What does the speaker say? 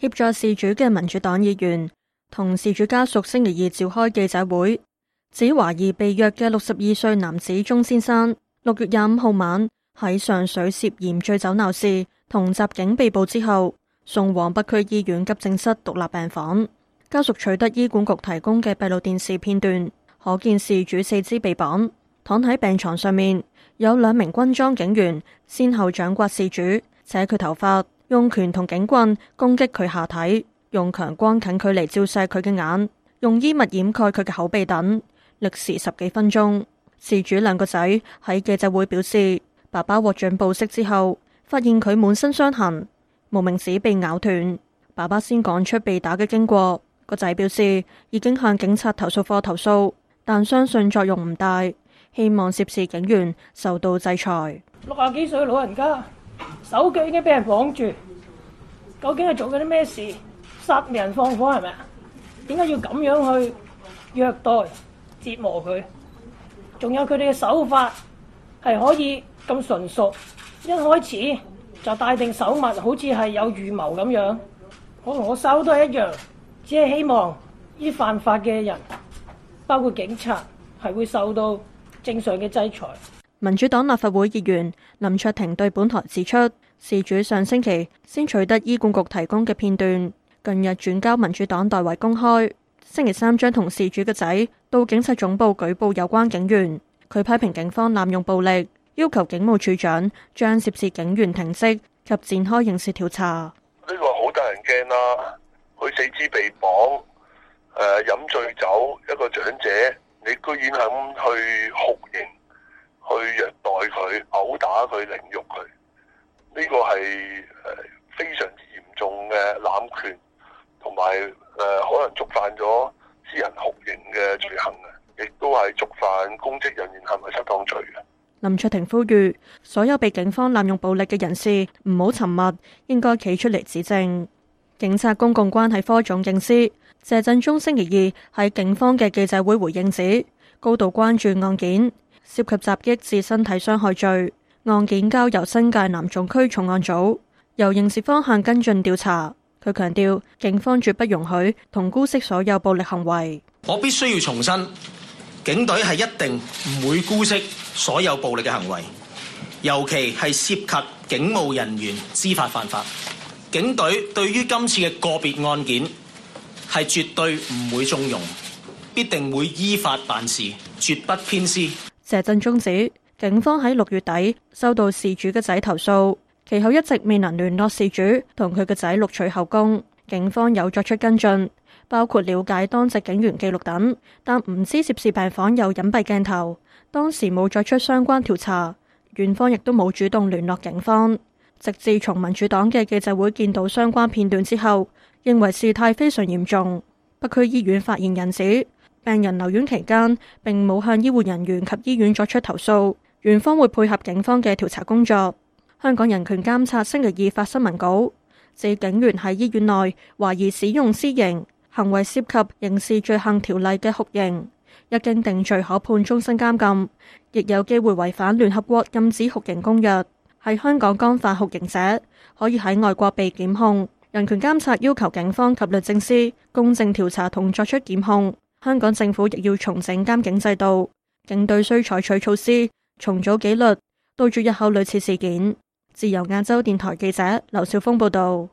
協助事主嘅民主黨議員同事主家屬星期二召開記者會，指懷疑被虐嘅六十二歲男子鍾先生，六月廿五號晚喺上水涉嫌醉酒鬧事，同襲警被捕之後，送往北區醫院急症室獨立病房。家屬取得醫管局提供嘅閉路電視片段，可見事主四肢被綁，躺喺病床上面，有兩名軍裝警員先後掌摑事主，扯佢頭髮。用拳同警棍攻擊佢下體，用強光近距離照射佢嘅眼，用衣物掩蓋佢嘅口鼻等，歷時十幾分鐘。事主兩個仔喺記者會表示，爸爸獲准保釋之後，發現佢滿身傷痕，無名指被咬斷，爸爸先講出被打嘅經過。個仔表示已經向警察投訴科投訴，但相信作用唔大，希望涉事警員受到制裁。六十幾歲老人家。手腳已經俾人綁住，究竟係做緊啲咩事？殺人放火係咪啊？點解要咁樣去虐待折磨佢？仲有佢哋嘅手法係可以咁純熟，一開始就帶定手襪，好似係有預謀咁樣。我同我手都係一樣，只係希望呢犯法嘅人，包括警察，係會受到正常嘅制裁。民主黨立法會議員林卓廷對本台指出，事主上星期先取得醫管局提供嘅片段，近日轉交民主黨代為公開。星期三將同事主嘅仔到警察總部舉報有關警員。佢批評警方濫用暴力，要求警務處長將涉事警員停職及展開刑事調查。呢個好得人驚啦！佢四肢被綁，誒、呃，飲醉酒，一個長者，你居然肯去酷刑？打佢，凌辱佢呢個係非常之嚴重嘅濫權，同埋誒，可能觸犯咗私人酷刑嘅罪行啊！亦都係觸犯公職人員行為失當罪。林卓廷呼籲所有被警方濫用暴力嘅人士唔好沉默，應該企出嚟指證。警察公共關係科總警司謝振中星期二喺警方嘅記者會回應指，高度關注案件涉及襲擊致身體傷害罪。案件交由新界南總區重案組，由刑事方向跟進調查。佢強調，警方絕不容許同姑息所有暴力行為。我必須要重申，警隊係一定唔會姑息所有暴力嘅行為，尤其係涉及警務人員知法犯法。警隊對於今次嘅個別案件係絕對唔會縱容，必定會依法辦事，絕不偏私。謝振中指。警方喺六月底收到事主嘅仔投訴，其後一直未能聯絡事主同佢嘅仔錄取口供。警方有作出跟進，包括了解當值警員記錄等，但唔知涉事病房有隱蔽鏡頭，當時冇作出相關調查。院方亦都冇主動聯絡警方，直至從民主黨嘅記者會見到相關片段之後，認為事態非常嚴重。北區醫院發言人指，病人留院期間並冇向醫護人員及醫院作出投訴。院方會配合警方嘅調查工作。香港人權監察星期二發新聞稿，指警員喺醫院內懷疑使用私刑，行為涉及刑事罪行條例嘅酷刑。一經定罪，可判終身監禁，亦有機會違反聯合國禁止酷刑公約。喺香港幹犯酷刑者，可以喺外國被檢控。人權監察要求警方及律政司公正調查同作出檢控。香港政府亦要重整監警制度，警隊需採取措施。重組紀律，杜絕日後類似事件。自由亞洲電台記者劉少峰報導。